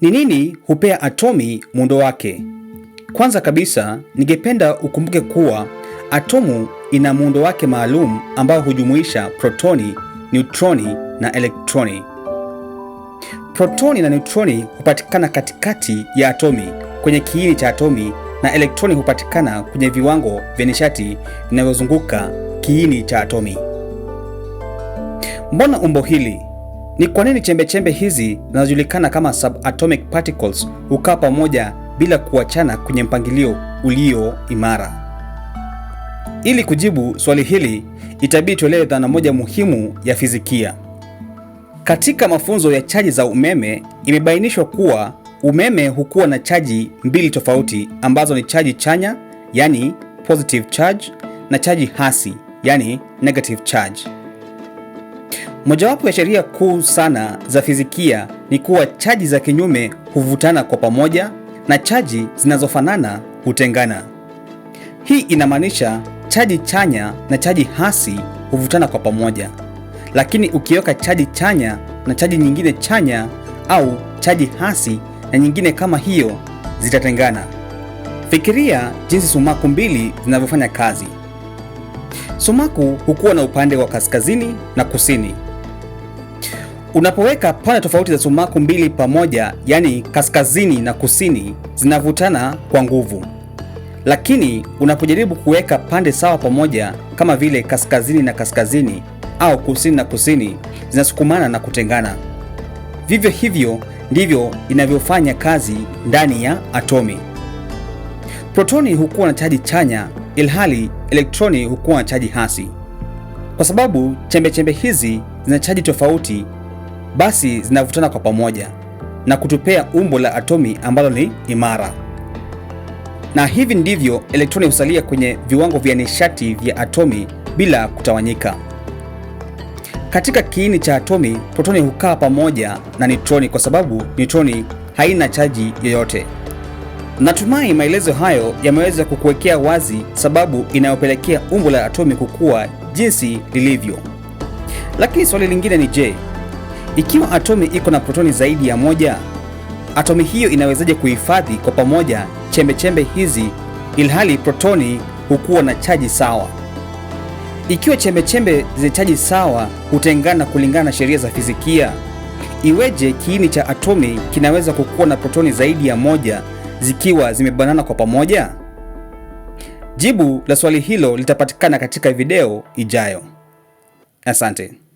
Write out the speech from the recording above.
Ni nini hupea atomi muundo wake? Kwanza kabisa, ningependa ukumbuke kuwa atomu ina muundo wake maalum ambao hujumuisha protoni, neutroni na elektroni. Protoni na neutroni hupatikana katikati ya atomi kwenye kiini cha atomi, na elektroni hupatikana kwenye viwango vya nishati vinavyozunguka kiini cha atomi. Mbona umbo hili ni kwa nini chembechembe hizi zinazojulikana kama subatomic particles hukaa pamoja bila kuachana kwenye mpangilio ulio imara? Ili kujibu swali hili, itabidi tuelewe dhana moja muhimu ya fizikia. Katika mafunzo ya chaji za umeme, imebainishwa kuwa umeme hukuwa na chaji mbili tofauti ambazo ni chaji chanya, yani positive charge, na chaji hasi, yani negative charge. Mojawapo ya sheria kuu sana za fizikia ni kuwa chaji za kinyume huvutana kwa pamoja na chaji zinazofanana hutengana. Hii inamaanisha chaji chanya na chaji hasi huvutana kwa pamoja, lakini ukiweka chaji chanya na chaji nyingine chanya au chaji hasi na nyingine kama hiyo, zitatengana. Fikiria jinsi sumaku mbili zinavyofanya kazi. Sumaku hukuwa na upande wa kaskazini na kusini. Unapoweka pande tofauti za sumaku mbili pamoja, yani kaskazini na kusini, zinavutana kwa nguvu, lakini unapojaribu kuweka pande sawa pamoja, kama vile kaskazini na kaskazini au kusini na kusini, zinasukumana na kutengana. Vivyo hivyo ndivyo inavyofanya kazi ndani ya atomi. Protoni hukuwa na chaji chanya, ilhali elektroni hukuwa na chaji hasi, kwa sababu chembechembe hizi zina chaji tofauti basi zinavutana kwa pamoja na kutupea umbo la atomi ambalo ni imara. Na hivi ndivyo elektroni husalia kwenye viwango vya nishati vya atomi bila kutawanyika. Katika kiini cha atomi, protoni hukaa pamoja na nitroni kwa sababu nitroni haina chaji yoyote. Natumai maelezo hayo yameweza kukuwekea wazi sababu inayopelekea umbo la atomi kukua jinsi lilivyo. Lakini swali lingine ni je, ikiwa atomi iko na protoni zaidi ya moja, atomi hiyo inawezaje kuhifadhi kwa pamoja chembechembe hizi ilhali protoni hukuwa na chaji sawa? Ikiwa chembechembe zenye chaji sawa hutengana kulingana na sheria za fizikia, iweje kiini cha atomi kinaweza kukuwa na protoni zaidi ya moja zikiwa zimebanana kwa pamoja? Jibu la swali hilo litapatikana katika video ijayo. Asante.